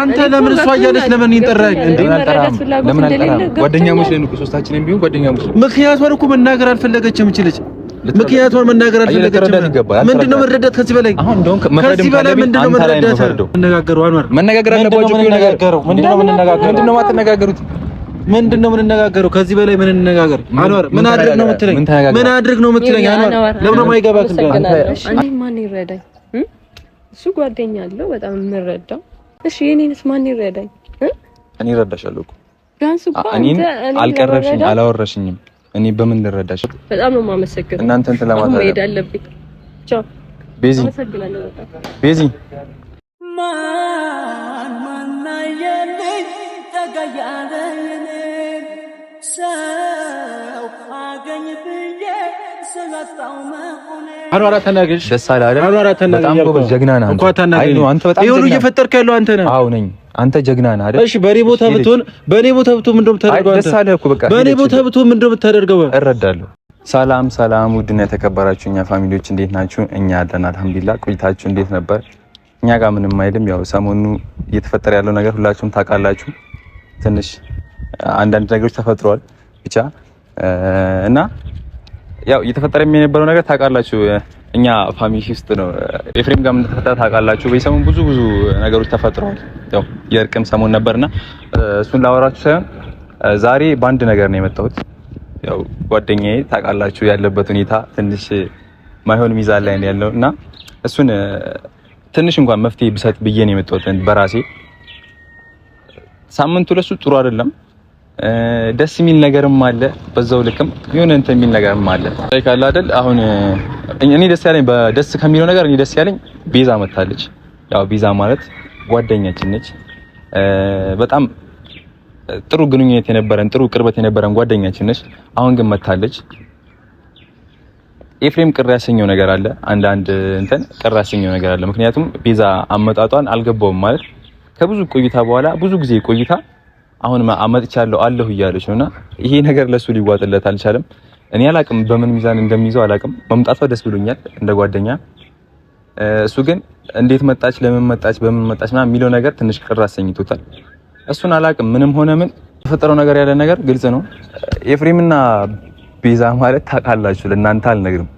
አንተ ለምን እሷ እያለች ለምን ይንጠራኝ እንዴ? ለምን አልጠራም? ጓደኛሞች ነን እኮ ሶስታችንም ቢሆን ጓደኛሞች። ምክንያቷን እኮ መናገር አልፈለገችም እችልች ምክንያቷን መናገር አልፈለገችም። ምንድን ነው መረዳት ከዚህ በላይ አሁን እንደውም ከዚህ በላይ ምንድን ነው መረዳት? መነጋገሩ አንዋር መነጋገር አለባችሁ። ምንድን ነው የምንነጋገሩት? ምንድን ነው የምንነጋገረው? ከዚህ በላይ ምን እንነጋገር? አንዋር ምን አድርግ ነው የምትለኝ? ምን አድርግ ነው የምትለኝ? አንዋር ለምን ማይገባክ? አንተ ማን ይረዳኝ? እሱ ጓደኛ አለው በጣም የምንረዳው እሺ የኔንስ ማን ይረዳኝ? እኔ እረዳሻለሁ እኮ ቢያንስ እኮ አንተ አልቀረብሽኝ፣ አላወራሽኝም። እኔ በምን ልረዳሽ? በጣም ነው የማመሰግነው። እናንተ እንትን ለማታ ነው አለብኝ። ቻው ቤዚ። ቤዚ ማን ማና የለኝ ተጋያለኝ ሰው አገኝ ብዬ አኗራ ተናገሽ ደስ አለ አይደል? አኗራ ተናገሽ። በጣም ጎበዝ ጀግና ነህ እንኳን አንተ። አንተ በጣም ይሄ ሁሉ እየፈጠርክ ያለው አንተ ነህ። አዎ ነኝ። አንተ ጀግና ነህ አይደል? እሺ፣ በኔ ቦታ ብትሆን በኔ ቦታ ብትሆን ምንድነው የምታደርገው? ደስ አለ እኮ በቃ። በኔ ቦታ ብትሆን ምንድነው የምታደርገው? እረዳለሁ። ሰላም ሰላም፣ ውድና የተከበራችሁ እኛ ፋሚሊዎች እንዴት ናችሁ? እኛ አለን አልሐምዱሊላህ። ቆይታችሁ እንዴት ነበር? እኛ ጋር ምንም አይልም። ያው ሰሞኑ እየተፈጠረ ያለው ነገር ሁላችሁም ታውቃላችሁ። ትንሽ አንዳንድ ነገሮች ተፈጥሯል ብቻ እና ያው እየተፈጠረ የነበረው ነገር ታውቃላችሁ፣ እኛ ፋሚሊ ውስጥ ነው። ኤፍሬም ጋር እንደተፈጠረ ታውቃላችሁ። በሰሞኑ ብዙ ብዙ ነገሮች ተፈጥረዋል። ያው የእርቅም ሰሞን ነበርና እሱን ላወራችሁ ሳይሆን ዛሬ በአንድ ነገር ነው የመጣሁት። ያው ጓደኛዬ ታውቃላችሁ ያለበት ሁኔታ ትንሽ ማይሆን ሚዛን ላይ ነው ያለው እና እሱን ትንሽ እንኳን መፍትሄ ብሰጥ ብዬ ነው የመጣሁት በራሴ። ሳምንቱ ለሱ ጥሩ አይደለም ደስ የሚል ነገርም አለ፣ በዛው ልክም የሆነ እንትን የሚል ነገርም አለ። ላይ ካለ አይደል? አሁን እኔ ደስ ያለኝ በደስ ከሚለው ነገር እኔ ደስ ያለኝ ቤዛ መታለች። ያው ቤዛ ማለት ጓደኛችን ነች። በጣም ጥሩ ግንኙነት የነበረን ጥሩ ቅርበት የነበረን ጓደኛችን ነች። አሁን ግን መታለች። ኤፍሬም ቅር ያሰኘው ነገር አለ፣ አንዳንድ እንትን ቅር ያሰኘው ነገር አለ። ምክንያቱም ቤዛ አመጣጧን አልገባውም ማለት ከብዙ ቆይታ በኋላ ብዙ ጊዜ ቆይታ አሁን አመጥቻለሁ አለሁ እያለች ነውና ይሄ ነገር ለሱ ሊዋጥለት አልቻለም። እኔ አላቅም በምን ሚዛን እንደሚይዘው አላቅም። መምጣቷ ደስ ብሎኛል እንደ ጓደኛ። እሱ ግን እንዴት መጣች፣ ለምን መጣች፣ በምን መጣች ምናምን የሚለው ነገር ትንሽ ቅር አሰኝቶታል። እሱን አላቅም። ምንም ሆነ ምን የተፈጠረው ነገር ያለ ነገር ግልጽ ነው። ኤፍሬምና ቤዛ ማለት ታውቃላችሁ፣ ለእናንተ አልነግርም።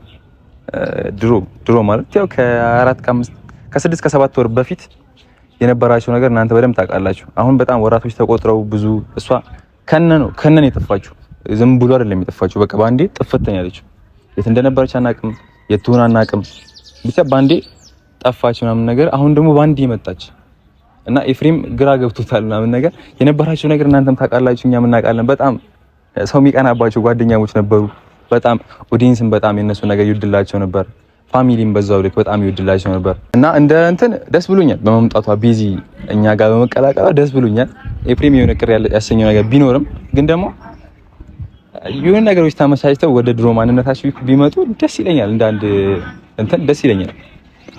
ድሮ ድሮ ማለት ያው ከአራት ከአምስት ከስድስት ከሰባት ወር በፊት የነበራቸው ነገር እናንተ በደንብ ታውቃላችሁ። አሁን በጣም ወራቶች ተቆጥረው ብዙ እሷ ከነ ነው ከነን የጠፋችሁ ዝም ብሎ አይደለም የጠፋችሁ። በቃ ባንዴ ጥፍት ነው ያለችው። የት እንደነበረች አናቅም፣ የት ሆና አናቅም። ብቻ ባንዴ ጠፋች ምናምን ነገር። አሁን ደግሞ ባንዴ መጣች እና ኤፍሬም ግራ ገብቶታል ምናምን ነገር። የነበራችሁ ነገር እናንተም ታውቃላችሁ፣ እኛም እናውቃለን። በጣም ሰው የሚቀናባቸው ጓደኛሞች ነበሩ። በጣም ኦዲየንስን በጣም የነሱ ነገር ይወድላቸው ነበር። ፋሚሊም በዛው ልክ በጣም ይወድላቸው ነበር እና እንደ እንትን ደስ ብሎኛል በመምጣቷ ቤዚ እኛ ጋር በመቀላቀሏ ደስ ብሎኛል። ኤፍሬም የሆነ ቅር ያሰኘው ነገር ቢኖርም ግን ደግሞ የሆነ ነገሮች ተመቻችተው ወደ ድሮ ማንነታቸው ቢመጡ ደስ ይለኛል። እንዳንድ እንትን ደስ ይለኛል።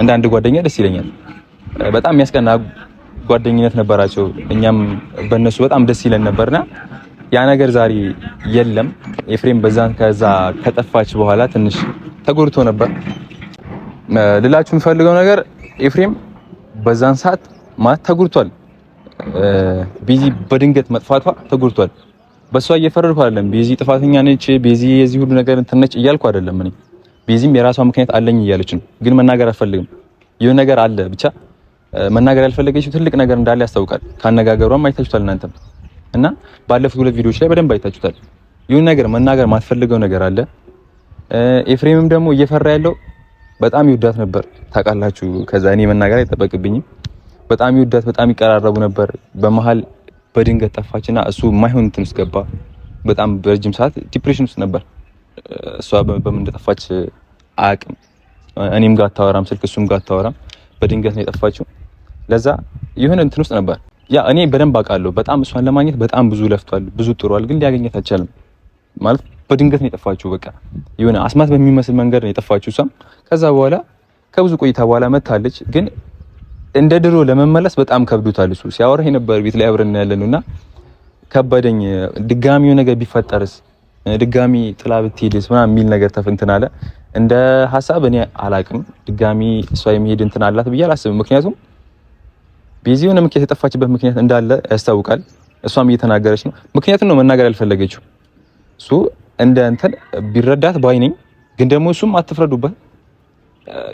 እንዳንድ ጓደኛ ደስ ይለኛል። በጣም የሚያስቀና ጓደኝነት ነበራቸው። እኛም በእነሱ በጣም ደስ ይለን ነበርና ያ ነገር ዛሬ የለም። ኤፍሬም በዛን ከዛ ከጠፋች በኋላ ትንሽ ተጎድቶ ነበር። ልላችሁ የምፈልገው ነገር ኤፍሬም በዛን ሰዓት ማለት ተጉርቷል። ቤዚ በድንገት መጥፋቷ ተጉርቷል። በሷ እየፈረድኩ አይደለም። ቤዚ ጥፋተኛ ነች፣ ቤዚ የዚህ ሁሉ ነገር እንትን ነች እያልኩ አይደለም። እኔ ቤዚም የራሷ ምክንያት አለኝ እያለች ነው፣ ግን መናገር አልፈልግም። የሆነ ነገር አለ ብቻ መናገር ያልፈለገችው ትልቅ ነገር እንዳለ ያስታውቃል። ካነጋገሯም አይታችሁታል እናንተም እና ባለፉት ሁለት ቪዲዮዎች ላይ በደንብ አይታችሁታል። ይሁን ነገር መናገር ማትፈልገው ነገር አለ። ኤፍሬምም ደግሞ እየፈራ ያለው በጣም ይወዳት ነበር ታውቃላችሁ። ከዛ እኔ መናገር አይጠበቅብኝም። በጣም ይወዳት፣ በጣም ይቀራረቡ ነበር። በመሀል በድንገት ጠፋችና እሱ የማይሆን እንትን ውስጥ ገባ። በጣም በረጅም ሰዓት ዲፕሬሽን ውስጥ ነበር። እሷ በምን እንደጠፋች አያውቅም። እኔም ጋር አታወራም ስልክ፣ እሱም ጋር አታወራም። በድንገት ነው የጠፋችው። ለዛ የሆነ እንትን ውስጥ ነበር። ያ እኔ በደንብ አውቃለሁ። በጣም እሷን ለማግኘት በጣም ብዙ ለፍቷል፣ ብዙ ጥሯል፣ ግን ሊያገኘት አልቻለም ማለት በድንገት ነው የጠፋችሁ። በቃ የሆነ አስማት በሚመስል መንገድ ነው የጠፋችሁ እሷም። ከዛ በኋላ ከብዙ ቆይታ በኋላ መታለች፣ ግን እንደ ድሮ ለመመለስ በጣም ከብዶታል። እሱ ሲያወራ ነበር ቤት ላይ አብረን ያለን እና ከበደኝ። ድጋሚ ነገር ቢፈጠርስ ድጋሚ ጥላ ብትሄድስ ምናምን የሚል ነገር ተፍንትን አለ። እንደ ሀሳብ እኔ አላቅም። ድጋሚ እሷ የሚሄድ እንትን አላት ብዬ አላስብም። ምክንያቱም ቤዛ የሆነ ምክንያት የጠፋችበት ምክንያት እንዳለ ያስታውቃል። እሷም እየተናገረች ነው። ምክንያቱም ነው መናገር ያልፈለገችው እሱ እንደ እንትን ቢረዳት ባይ ነኝ። ግን ደግሞ እሱም አትፍረዱበት።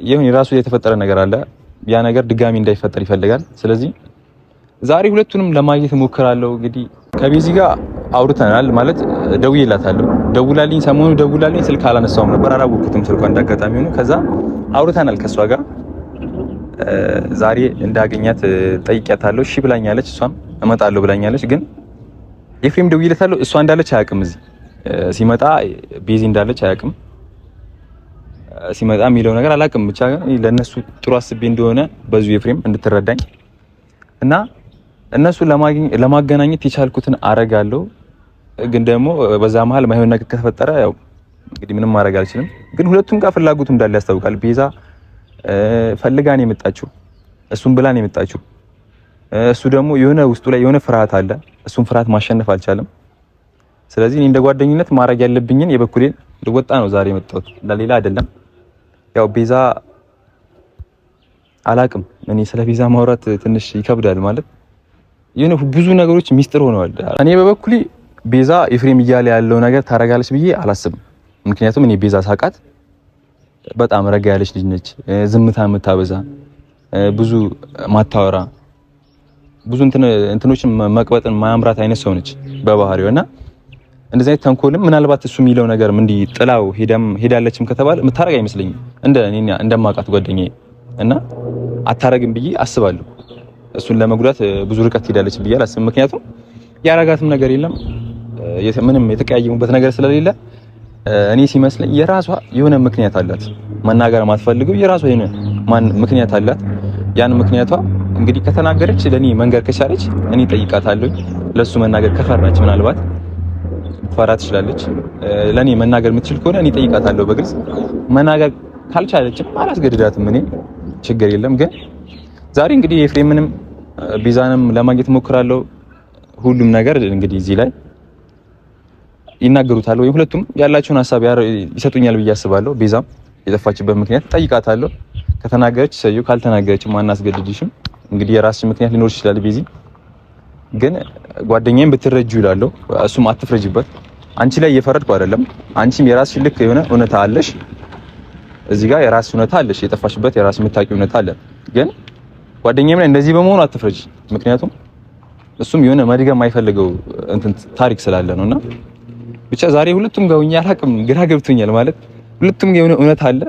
ይሁን የራሱ የተፈጠረ ነገር አለ። ያ ነገር ድጋሚ እንዳይፈጠር ይፈልጋል። ስለዚህ ዛሬ ሁለቱንም ለማየት ሞክራለሁ። እንግዲህ ከቤዚ ጋር አውርተናል ማለት ደውዬላታለሁ። ደውላልኝ፣ ሰሞኑ ደውላልኝ፣ ስልክ አላነሳውም ነበር፣ አላወቅኩትም ስልኳ እንዳጋጣሚ ሆኖ። ከዛ አውርተናል ከእሷ ጋር ዛሬ እንዳገኛት ጠይቂያታለሁ። እሺ ብላኛለች፣ እሷም እመጣለሁ ብላኛለች። ግን የፍሬም ደውዬላታለሁ፣ እሷ እንዳለች አያውቅም እዚህ ሲመጣ ቤዚ እንዳለች አያውቅም። ሲመጣ የሚለው ነገር አላውቅም። ብቻ ለእነሱ ጥሩ አስቤ እንደሆነ በዙ የፍሬም እንድትረዳኝ እና እነሱ ለማገናኘት የቻልኩትን አረጋለሁ። ግን ደግሞ በዛ መሀል ማይሆን ነገር ከተፈጠረ ያው እንግዲህ ምንም ማድረግ አልችልም። ግን ሁለቱም ጋር ፍላጎቱ እንዳለ ያስታውቃል። ቤዛ ፈልጋን የመጣችው፣ እሱም ብላን ነው የመጣችው። እሱ ደግሞ የሆነ ውስጡ ላይ የሆነ ፍርሃት አለ። እሱም ፍርሃት ማሸነፍ አልቻለም። ስለዚህ እኔ እንደ ጓደኝነት ማድረግ ያለብኝን የበኩሌን ልወጣ ነው ዛሬ የመጣሁት ለሌላ አይደለም። ያው ቤዛ አላቅም። እኔ ስለ ቤዛ ማውራት ትንሽ ይከብዳል። ማለት የሆነ ብዙ ነገሮች ሚስጥር ሆነዋል። እኔ በበኩሌ ቤዛ ኤፍሬም እያለ ያለው ነገር ታረጋለች ብዬ አላስብም። ምክንያቱም እኔ ቤዛ ሳቃት በጣም ረጋ ያለች ልጅ ነች። ዝምታ የምታበዛ ብዙ ማታወራ ብዙ እንትኖችን መቅበጥን ማያምራት አይነት ሰው ነች በባህሪው እና እንደዚህ አይነት ተንኮልም ምናልባት እሱ የሚለው ነገር እንዲህ ጥላው ሄዳለችም ከተባለ የምታረግ አይመስለኝም እንደ እኔ እንደማውቃት ጓደኛዬ እና አታረግም ብዬ አስባለሁ። እሱን ለመጉዳት ብዙ ርቀት ሄዳለች ብዬ አላስብም። ምክንያቱም ያረጋትም ነገር የለም ምንም የተቀያየሙበት ነገር ስለሌለ እኔ ሲመስለኝ የራሷ የሆነ ምክንያት አላት። መናገር ማትፈልገው የራሷ የሆነ ማን ምክንያት አላት። ያን ምክንያቷ እንግዲህ ከተናገረች ለኔ መንገር ከቻለች እኔ ጠይቃታለሁ። ለሱ መናገር ከፈራች ምናልባት ፈራ ትችላለች። ለእኔ መናገር የምትችል ከሆነ እኔ ጠይቃታለሁ በግልጽ። መናገር ካልቻለችም አላስገድዳትም። እኔ ችግር የለም። ግን ዛሬ እንግዲህ ኤፍሬምንም ቤዛንም ለማግኘት ሞክራለሁ። ሁሉም ነገር እንግዲህ እዚህ ላይ ይናገሩታል ወይም ሁለቱም ያላቸውን ሀሳብ ይሰጡኛል ብዬ አስባለሁ። ቤዛም የጠፋችበት ምክንያት ጠይቃታለሁ። ከተናገረች ሰዩ፣ ካልተናገረች ማናስገድድሽም። እንግዲህ የራስሽ ምክንያት ሊኖር ይችላል ቤዚ ግን ጓደኛዬም ብትረጁ ይላለሁ። እሱም አትፍረጅበት። አንቺ ላይ እየፈረድኩ አይደለም። አንቺም የራስሽ ልክ የሆነ እውነታ አለሽ። እዚህ ጋር የራስ እውነታ አለሽ። የጠፋሽበት የራስ የምታውቂው እውነታ አለ። ግን ጓደኛዬም ላይ እንደዚህ በመሆኑ አትፍረጅ። ምክንያቱም እሱም የሆነ መድገም የማይፈልገው እንትን ታሪክ ስላለ ነውና ብቻ ዛሬ ሁለቱም ጋር ሆኜ አላቅም፣ ግራ ገብቶኛል። ማለት ሁለቱም የሆነ እውነት አለ።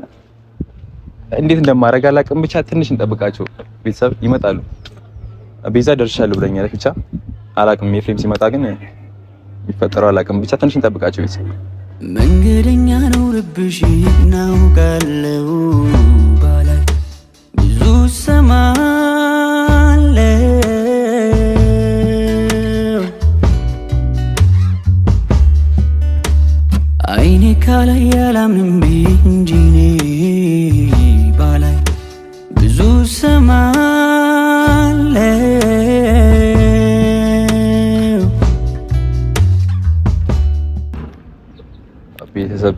እንዴት እንደማደርግ አላቅም። ብቻ ትንሽ እንጠብቃቸው። ቤተሰብ ይመጣሉ። ቤዛ ደርሻለሁ ብለኛለች ብቻ አላቅም። ኤፍሬም ሲመጣ ግን የሚፈጠረው አላቅም። ብቻ ትንሽ እንጠብቃቸው። ቤት መንገደኛ ነው ልብሽ እናውቃለው ባላይ ብዙ ሰማለው አይኔ ካላይ ያላምንም እንጂኔ ባላይ ብዙ ሰማ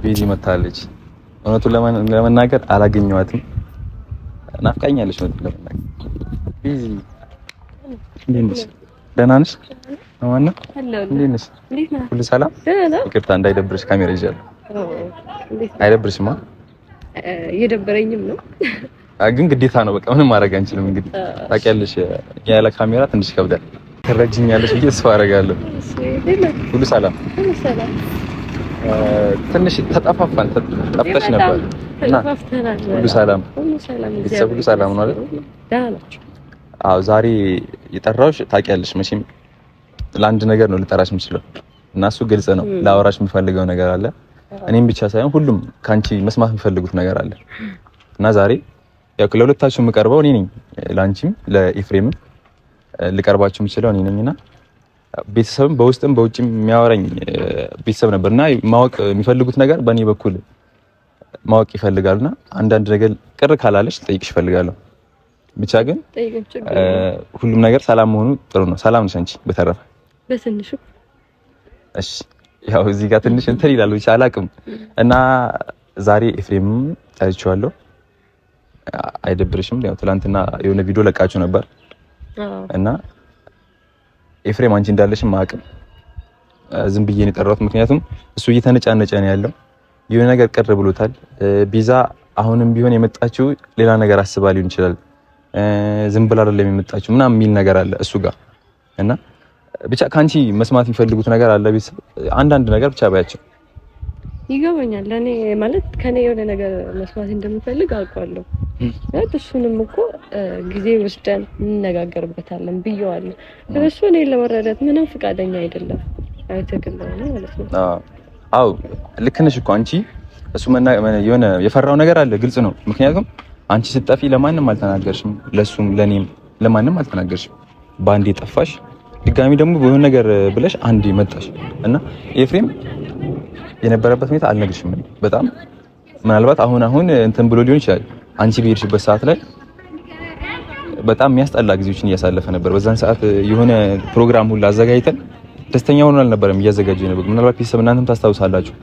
ቤዚ መታለች። እውነቱን ለመናገር አላገኘኋትም። ናፍቃኛለች። እውነቱን ለመናገር ቤዚ እንዴት ነሽ? ደህና ነሽ? እንዴት ነሽ? ሁሉ ሰላም? ይቅርታ እንዳይደብርሽ ካሜራ ይዣለሁ። አይደብርሽማ? እየደበረኝም ነው ግን ግዴታ ነው። በቃ ምንም ማድረግ አንችልም። እንግዲህ ታውቂያለሽ፣ ያለ ካሜራ ትንሽ ይከብዳል። ትረጅኛለሽ ብዬ ተስፋ አደርጋለሁ። ሁሉ ሰላም ትንሽ ተጠፋፋን፣ ጠፍተሽ ነበር እና ሁሉ ሰላም ቤተሰብ ሁሉ ሰላም ነው አይደል? ዛሬ የጠራሁሽ ታውቂያለሽ፣ መቼም ለአንድ ነገር ነው ልጠራሽ የምችለው እና እሱ ግልጽ ነው። ለአወራሽ የምፈልገው ነገር አለ፣ እኔም ብቻ ሳይሆን ሁሉም ከአንቺ መስማት የሚፈልጉት ነገር አለ እና ዛሬ ያው ለሁለታችሁ የምቀርበው እኔ ነኝ፣ ለአንቺም ለኤፍሬምም ልቀርባችሁ የምችለው እኔ ነኝና ቤተሰብም በውስጥም በውጭ የሚያወራኝ ቤተሰብ ነበር እና ማወቅ የሚፈልጉት ነገር በእኔ በኩል ማወቅ ይፈልጋሉ እና አንዳንድ ነገር ቅር ካላለች ጠይቅሽ ይፈልጋለሁ። ብቻ ግን ሁሉም ነገር ሰላም መሆኑ ጥሩ ነው። ሰላም ነሽ አንቺ? በተረፈ በትንሹ እሺ። ያው እዚህ ጋር ትንሽ እንትን ይላሉ ብቻ አላቅም እና ዛሬ ኤፍሬም ታይቼዋለሁ። አይደብርሽም? ያው ትናንትና የሆነ ቪዲዮ ለቃችሁ ነበር እና ኤፍሬም አንቺ እንዳለሽም ማቅም ዝም ብዬ ነው የጠራሁት። ምክንያቱም እሱ እየተነጫነጨ ነው ያለው፣ የሆነ ነገር ቅር ብሎታል። ቢዛ አሁንም ቢሆን የመጣችው ሌላ ነገር አስባ ሊሆን ይችላል፣ ዝም ብላ አይደለም የመጣችው ምናምን የሚል ነገር አለ እሱ ጋር እና ብቻ ከአንቺ መስማት የሚፈልጉት ነገር አለ። ቤተሰብ አንዳንድ ነገር ብቻ ባያቸው ይገባኛል። ለእኔ ማለት ከኔ የሆነ ነገር መስማት እንደምፈልግ አውቃለሁ። እሱንም እኮ ጊዜ ወስደን እንነጋገርበታለን ብየዋለሁ። እሱ እኔን ለመረዳት ምንም ፈቃደኛ አይደለም። አይተግል ማለት ነው። አዎ ልክ ነሽ እኮ አንቺ። እሱ የሆነ የፈራው ነገር አለ፣ ግልጽ ነው። ምክንያቱም አንቺ ስጠፊ ለማንም አልተናገርሽም፣ ለሱም ለኔም ለማንም አልተናገርሽም። በአንዴ ጠፋሽ፣ ድጋሚ ደግሞ በሆነ ነገር ብለሽ አንዴ መጣሽ እና ኤፍሬም የነበረበት ሁኔታ አልነግርሽም። በጣም ምናልባት አሁን አሁን እንትን ብሎ ሊሆን ይችላል አንቺ በሄድሽበት ሰዓት ላይ በጣም የሚያስጠላ ጊዜዎችን እያሳለፈ ነበር። በዛን ሰዓት የሆነ ፕሮግራም ሁሉ አዘጋጅተን ደስተኛ ሆኖ አልነበረም እያዘጋጀ ነበር። ምናልባት ቤተሰብ እናንተም ታስታውሳላችሁ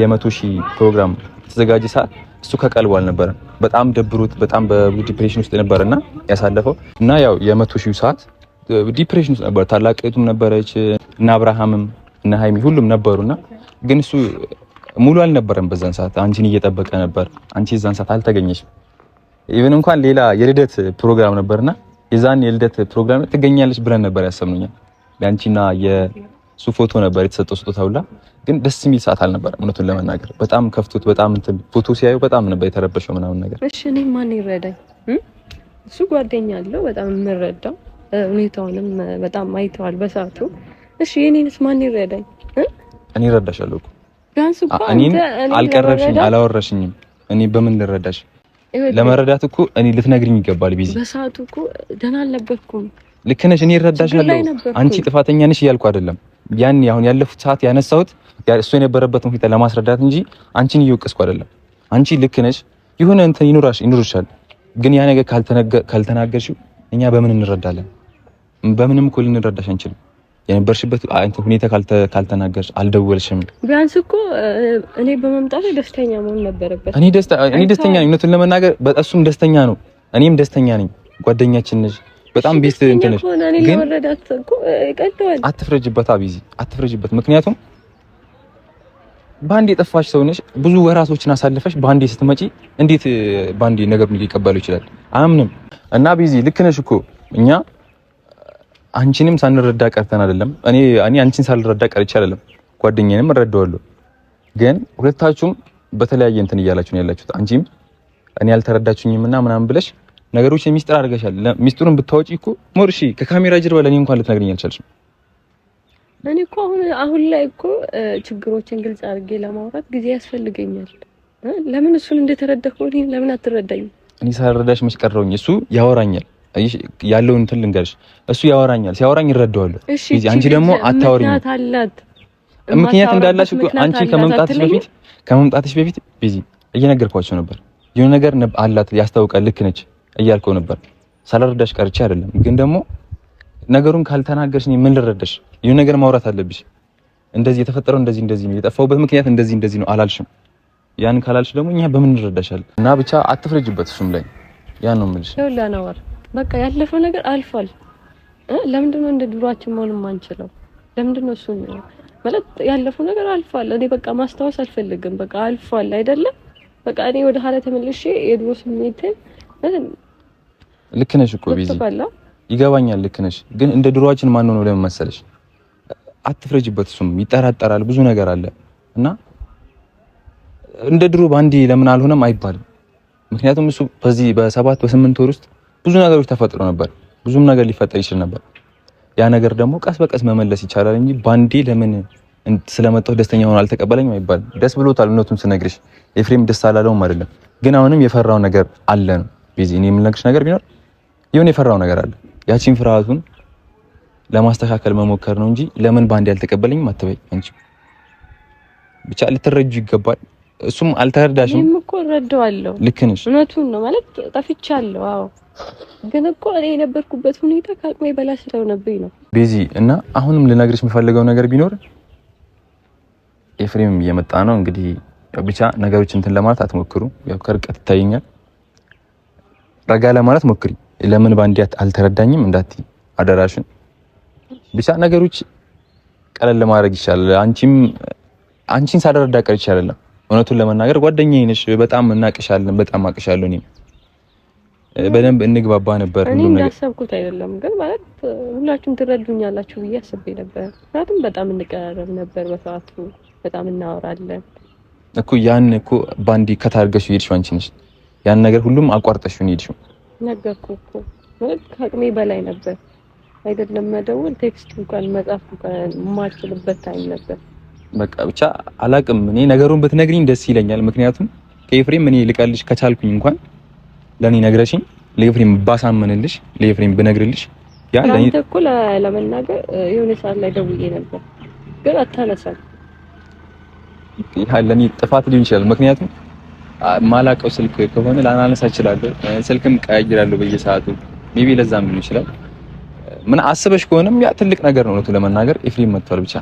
የመቶ ሺህ ፕሮግራም ተዘጋጀ ሰዓት እሱ ከቀልቡ አልነበረም። በጣም ደብሮት በጣም በብዙ ዲፕሬሽን ውስጥ ነበርና ያሳለፈው እና ያው የመቶ ሺህ ሰዓት ዲፕሬሽን ውስጥ ነበር። ታላቅ እህቱም ነበረች እና አብርሃምም እና ሀይሚ ሁሉም ነበሩና ግን እሱ ሙሉ አልነበረም በዛን ሰዓት አንቺን እየጠበቀ ነበር። አንቺ እዛን ሰዓት አልተገኘሽም። ኢቭን እንኳን ሌላ የልደት ፕሮግራም ነበርና የዛን የልደት ፕሮግራም ትገኛለች ብለን ነበር ያሰብነኛል። የአንቺና የሱ ፎቶ ነበር የተሰጠው ስጦታ ሁላ። ግን ደስ የሚል ሰዓት አልነበረ እውነቱን ለመናገር በጣም ከፍቶት፣ በጣም እንትን ፎቶ ሲያዩ በጣም ነበር የተረበሸው ምናምን ነገር። እሺ እኔ ማን ይረዳኝ? እሱ ጓደኛ አለው በጣም የምረዳው ሁኔታውንም በጣም አይተዋል በሰዓቱ። እሺ የኔንስ ማን ይረዳኝ? እኔ እረዳሻለሁ እኮ እኔን አልቀረብሽኝ፣ አላወራሽኝም። እኔ በምን ልረዳሽ? ለመረዳት እኮ እኔ ልትነግሪኝ ይገባል። ቢዚ በሰዓቱ እኮ ደህና አልነበርኩም። ልክ ነሽ። እኔ እረዳሻለሁ። አንቺ ጥፋተኛ ነሽ እያልኩ አይደለም። ያን አሁን ያለፉት ሰዓት ያነሳሁት እሱ የነበረበትን ሁኔታ ለማስረዳት እንጂ አንቺን እየወቀስኩ አይደለም። አንቺ ልክ ነሽ። የሆነ እንትን ይኖራሽ ይኖርሻል። ግን ያ ነገር ካልተናገርሽው እኛ በምን እንረዳለን? በምንም እኮ ልንረዳሽ አንችልም። የነበርሽበት አንተ ሁኔታ ካልተናገርሽ አልደወልሽም። ቢያንስ እኮ እኔ በመምጣት ደስተኛ መሆን ነበረበት። እኔ ደስታ እኔ ደስተኛ ነኝ፣ እውነቱን ለመናገር እሱም ደስተኛ ነው፣ እኔም ደስተኛ ነኝ። ጓደኛችን ነሽ፣ በጣም ቤስት እንትን ነሽ። ግን አትፍረጅበት፣ ቢዚ አትፍረጅበት። ምክንያቱም በአንድ የጠፋሽ ሰው ነሽ። ብዙ ወራቶችን አሳልፈሽ በአንዴ ስትመጪ እንዴት በአንዴ ነገር ሊቀበሉ ይችላል? አምንም እና ቢዚ ልክ ነሽ እኮ እኛ አንቺንም ሳንረዳ ቀርተን አይደለም። እኔ እኔ አንቺን ሳልረዳ ቀርቼ አይደለም፣ ጓደኛዬንም እረዳዋለሁ። ግን ሁለታችሁም በተለያየ እንትን እያላችሁ ነው ያላችሁት። አንቺም እኔ አልተረዳችሁኝም እና ምናምን ብለሽ ነገሮች ሚስጥር አድርገሻል። ሚስጥሩን ብታወጪ እኮ ሞርሺ ከካሜራ ጀርባ ለእኔ እንኳን ልትነግረኝ አልቻልሽም። እኔ እኮ አሁን አሁን ላይ እኮ ችግሮችን ግልጽ አድርጌ ለማውራት ጊዜ ያስፈልገኛል። ለምን እሱን እንደተረዳ እኔ ለምን አትረዳኝ? እኔ ሳልረዳሽ መች እሱ ያወራኛል ያለውን እንትን ልንገርሽ፣ እሱ ያወራኛል። ሲያወራኝ እረዳዋለሁ። አንቺ ደግሞ አታወሪኝ። ምክንያት እንዳላችሁ አንቺ ከመምጣትሽ በፊት ከመምጣትሽ በፊት ቢዚ እየነገርኳቸው ነበር። የሆነ ነገር አላት ያስታውቃል፣ ልክ ነች እያልከው ነበር። ሳላረዳሽ ቀርቼ አይደለም፣ ግን ደግሞ ነገሩን ካልተናገርሽ ምን ልረዳሽ? የሆነ ነገር ማውራት አለብሽ። እንደዚህ የተፈጠረው እንደዚህ እንደዚህ ነው፣ የጠፋሁበት ምክንያት እንደዚህ እንደዚህ ነው አላልሽም። ያን ካላልሽ ደግሞ እኛ በምን እንረዳሻለን? እና ብቻ አትፍረጅበት እሱም ላይ ያን ነው የምልሽ። በቃ ያለፈ ነገር አልፏል። ለምንድን ነው እንደ ድሯችን መሆን የማንችለው? ለምንድን ነው እሱ ማለት ያለፈው ነገር አልፏል። እኔ በቃ ማስታወስ አልፈልግም። በቃ አልፏል አይደለም። በቃ እኔ ወደ ኋላ ተመልሼ የድሮ ስሜት ልክ ነሽ እኮ ቢዚ ይገባኛል። ልክ ነሽ፣ ግን እንደ ድሮዋችን ማን ነው ለምን መሰለሽ? አትፍረጅበት። እሱም ይጠራጠራል፣ ብዙ ነገር አለ እና እንደ ድሮ በአንዴ ለምን አልሆነም አይባልም። ምክንያቱም እሱ በዚህ በሰባት በስምንት ወር ውስጥ ብዙ ነገሮች ተፈጥሮ ነበር። ብዙም ነገር ሊፈጠር ይችል ነበር። ያ ነገር ደግሞ ቀስ በቀስ መመለስ ይቻላል እንጂ ባንዴ ለምን ስለመጣሁ ደስተኛ ሆኖ አልተቀበለኝም አይባልም። ደስ ብሎታል። እውነቱን ስነግርሽ ኤፍሬም ደስ አላለውም አይደለም፣ ግን አሁንም የፈራው ነገር አለ ነው ቢዚ። እኔ የምነግርሽ ነገር ቢኖር የሆነ የፈራው ነገር አለ። ያቺን ፍርሃቱን ለማስተካከል መሞከር ነው እንጂ ለምን ባንዴ አልተቀበለኝም አትበይ አንቺ። ብቻ ልትረጁ ይገባል። እሱም አልተረዳሽም። እኮ እረዳዋለሁ። ልክ ነሽ። እውነቱን ነው ማለት ጠፍቻለሁ። አዎ ግን እኮ እኔ የነበርኩበት ሁኔታ ከአቅሜ በላይ ስለሆነብኝ ነው። ቤዚ እና አሁንም ልነግርሽ የምፈልገው ነገር ቢኖር ኤፍሬም እየመጣ ነው። እንግዲህ ብቻ ነገሮች እንትን ለማለት አትሞክሩ። ያው ከርቀት ይታየኛል። ረጋ ለማለት ሞክሪ። ለምን ባንዴ አልተረዳኝም እንዳት አደራሽን። ብቻ ነገሮች ቀለል ለማድረግ ይቻላል። አንቺም አንቺን ሳደረዳ ቀር ይቻላል። እውነቱን ለመናገር ጓደኛዬ ነሽ፣ በጣም እናቅሻለን፣ በጣም አቅሻለሁ እኔም በደንብ እንግባባ ነበር። እኔ እንዳሰብኩት አይደለም ግን ማለት ሁላችሁም ትረዱኛላችሁ ብዬ አስቤ ነበር። ምክንያቱም በጣም እንቀራረብ ነበር፣ በሰዓቱ በጣም እናወራለን እኮ። ያን እኮ ባንዲ ከታርገሽ ሄድሽው አንቺ ነሽ ያን ነገር ሁሉም አቋርጠሽው ሄድሽው። ነገርኩ እኮ ማለት ከአቅሜ በላይ ነበር። አይደለም መደወል፣ ቴክስት እንኳን መጻፍ እንኳን የማልችልበት ታይም ነበር። በቃ ብቻ አላቅም። እኔ ነገሩን ብትነግሪኝ ደስ ይለኛል። ምክንያቱም ከኤፍሬም እኔ ልቀልሽ ከቻልኩኝ እንኳን ለእኔ ነግረሽኝ ለኤፍሬም ባሳምንልሽ ለኤፍሬም ብነግርልሽ ያ ለኔ እኮ ለመናገር የሆነ ሰዓት ላይ ደውዬ ነበር፣ ግን አታነሳም። ያ ለኔ ጥፋት ሊሆን ይችላል። ምክንያቱም ማላቀው ስልክ ከሆነ ላናነሳ እችላለሁ። ስልክም ቀያይራለሁ በየሰዓቱ ሜቢ ለዛም ሊሆን ይችላል። ምን አስበሽ ከሆነም ያ ትልቅ ነገር ነው። እውነቱን ለመናገር ኤፍሬም መጥቷል ብቻ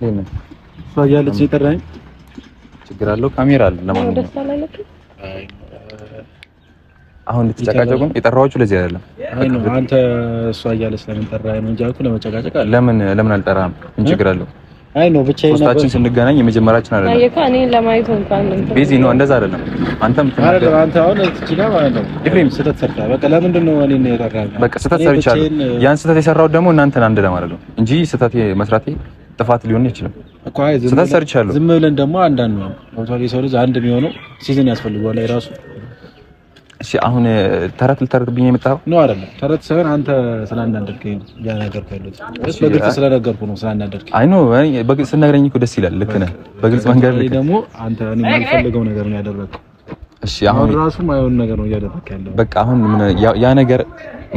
እሷ እያለች የጠራኝ ችግር አለው። ካሜራ አለ። ለማንኛውም አሁን ልትጨቃጨቁ የጠራኋችሁ ለዚህ አይደለም። አንተ እሷ እያለች ለምን ጠራኸኝ ነው እንጂ አልኩህ። ለመጨቃጨቅ ለምን ለምን አልጠራህም? ምን ችግር አለው? አይ ነው ብቻ ሶስታችን ስንገናኝ የመጀመሪያችን አይደለም። አየካ እኔ ለማየት እንኳን ቢዚ ነው እንደዛ አይደለም። አንተም ትናገር አንተ አሁን ትችላ ማለት ነው። ኢፍሬም ስህተት ሰርታ በቃ ለምንድን ነው እኔ ነው የጠራኸኝ? በቃ ስህተት ሰርቻለሁ። ያን ስህተት የሰራሁት ደግሞ እናንተን አንድ ለማድረግ ነው እንጂ ስህተት መስራቴ ጥፋት ሊሆን ይችላል እኮ አይ ስህተት ሰርቻለሁ። ዝም ብለን ደግሞ አንዳንድ ነው ወጥቷል። የሰው ልጅ አንድ የሚሆነው ሲዝን ያስፈልገዋል የራሱ። እሺ አሁን ተረት ልታደርግብኝ የመጣው ነው አይደለም? ተረት ሳይሆን አንተ ስላናደድከኝ እያናገርኩህ ያለሁት በግልጽ ስለነገርኩህ ነው። ስላናደድከኝ አይ ኖ በግልጽ ስነግረኝ እኮ ደስ ይላል። ልክ ነህ። በግልጽ መንገድ ላይ ደግሞ አንተ እኔ የማልፈልገው ነገር ነው ያደረግከው። እሺ አሁን ራሱ ማይሆን ነገር ነው እያደረግከው ያለው። በቃ አሁን ምን ያ ነገር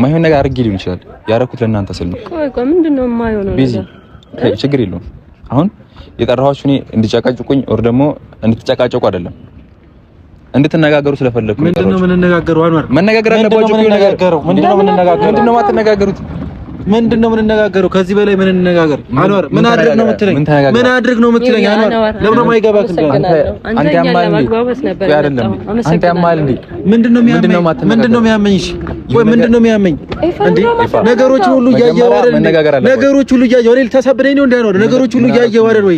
ማይሆን ነገር አድርጌ ሊሆን ይችላል። ያደረኩት ለእናንተ ስል ነው። ቆይ ቆይ ምንድን ነው የማይሆነው? ቢዚ ችግር የለውም። አሁን የጠራኋችሁ እኔ እንድጨቃጭቁኝ ወር ደግሞ እንድትጨቃጨቁ አይደለም እንድትነጋገሩ ስለፈለግኩ ምንድነው የምንነጋገረው? መነጋገር አለባችሁ። ምንድነው የምንነጋገረው? ምንድነው የማትነጋገሩት? ምንድን ነው የምንነጋገረው? ከዚህ በላይ ምን እንነጋገር? አንዋር ምን አድርግ ነው የምትለኝ? ምን አድርግ ነው የምትለኝ? አንዋር ለምን ማይገባክ የማይገባህ? አንተ ያማል እንዴ? አንተ ያማል እንዴ? የሚያመኝ? ወይ የሚያመኝ እንዴ? ነገሮች ሁሉ እያየሁ አይደል? ነገሮች ሁሉ እያየሁ አይደል? ተሰብረኝ ነው እንዴ? ነገሮች ሁሉ እያየሁ አይደል ወይ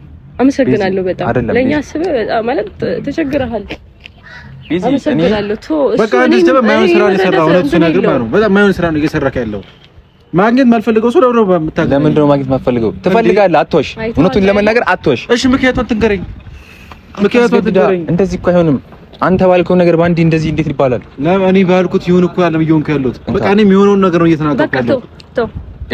አመሰግናለሁ። በጣም ለኛ አስበህ በጣም ማለት ተቸግረሃል። ማግኘት ማልፈልገው ሰው ነው ማግኘት ማልፈልገው? ትፈልጋለህ። እውነቱን ለመናገር አትዋሽ። እሺ፣ ምክንያቱን ትንገረኝ፣ ምክንያቱን ትንገረኝ። እንደዚህ እኮ አይሆንም። አንተ ባልከው ነገር በአንዴ እንደዚህ እንዴት ይባላል? ለምን እኔ ባልኩት ይሁን እኮ ያለም በቃ ነገር ነው እየተናገርኩ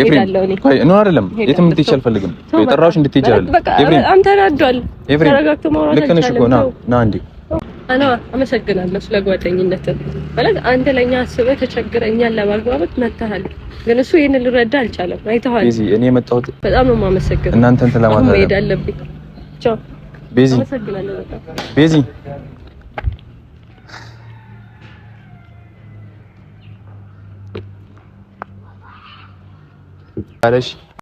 አይደለም የትም እንድትሄጂ አልፈልግም። የጠራሁሽ እንድትሄጂ አይደለም። ኤፍሬም አንተ ናዷል። ኤፍሬም ተረጋግቶ ማውራት ልክ ነሽ እኮ ና ና። እንዴ አና አመሰግናለሁ ስለ ጓደኝነት ማለት አንተ ለኛ አስበህ ተቸግረህ እኛን ለማግባባት ግን እሱ ልረዳ አልቻለም። አይተሃል። ቤዚ እኔ የመጣሁት በጣም ነው የማመሰግነው ቤዚ ቤዚ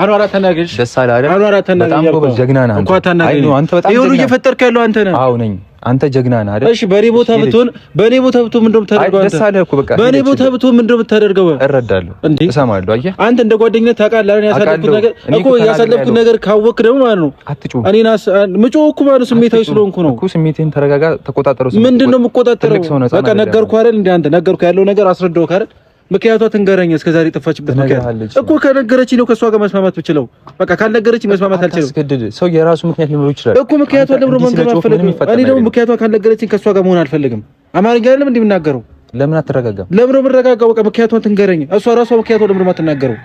አኗራ ተናገሽ ደስ አለ አይደል? አኗራ ተናገሽ። በጣም ጎበዝ አንተ። ጀግና ነህ አይደል? እሺ፣ በኔ ቦታ ብትሆን በኔ ቦታ ብትሆን ምንድን ነው የምታደርገው? ደስ አለህ እኮ በቃ። በኔ ቦታ ብትሆን ምንድን የምታደርገው? እረዳለሁ፣ እሰማለሁ። አየህ አንተ እንደ ጓደኝነት ታውቃለህ አይደል? ያሳለፍኩት ነገር እኮ ያሳለፍኩት ነገር ካወቅህ ደግሞ ማለት ነው አትጮህ። እኔና ምጮህ እኮ ማለት ስሜታዊ ስለሆንኩ ነው እኮ። ስሜቴን ተረጋጋ፣ ተቆጣጠረው። ምንድን የምቆጣጠረው? በቃ ነገርኩህ አይደል? እንደ አንተ ነገርኩህ ያለው ነገር አስረዳሁህ አይደል? ምክንያቷ ትንገረኝ። እስከ ዛሬ ጠፋችበት ምክንያት እኮ ከነገረችኝ ነው ከእሷ ጋር መስማማት ብችለው። በቃ ካልነገረችኝ መስማማት አልችልም። ሰው የራሱ ምክንያት ሊኖር ይችላል እኮ ምክንያቷ ለብሮ መንገር አልፈልግም። እኔ ደግሞ ምክንያቷ ካልነገረችኝ ከእሷ ጋር መሆን አልፈልግም። አማርኛ አይደለም እንዲህ የምናገረው። ለምን አትረጋጋም? ለምን የምረጋጋው? በቃ ምክንያቷ ትንገረኝ። እሷ ራሷ ምክንያቷ ለምን አትናገረው?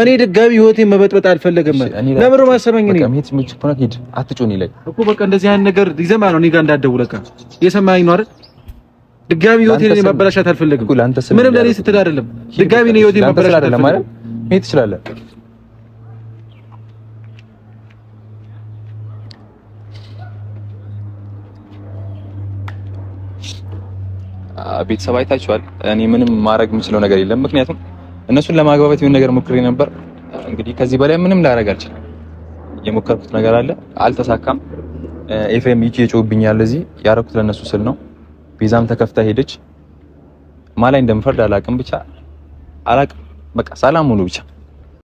እኔ ድጋሚ ህይወቴን መበጥበጥ አልፈለገም። ለምን ማሰበኝ? እኔ ምት ምጭ ኮናት ሂድ፣ አትጮኝ ላይ እኮ በቃ እንደዚህ አይነት ነገር ይዘማ ነው እኔ ጋር እንዳትደውል። በቃ የሰማኸኝ ነው አይደል? ድጋሚ ህይወቴን ማበላሻት አልፈለግም። ምንም ለኔ ስትል አይደለም። ድጋሚ ነው ህይወቴን ማበላሻት አይደለም ማለት ምን ትችላለህ? ቤተሰብ አይታችኋል። እኔ ምንም ማድረግ የምችለው ነገር የለም። ምክንያቱም እነሱን ለማግባባት የሆነ ነገር ሞክሬ ነበር። እንግዲህ ከዚህ በላይ ምንም ላደርግ አልችልም። የሞከርኩት ነገር አለ፣ አልተሳካም። ኤፍሬም ይጭ የጮህብኛል። እዚህ ያደረኩት ለእነሱ ስል ነው ቤዛም ተከፍታ ሄደች። ማላይ እንደምፈርድ አላቅም፣ ብቻ አላቅም። በቃ ሰላም ሁኑ ብቻ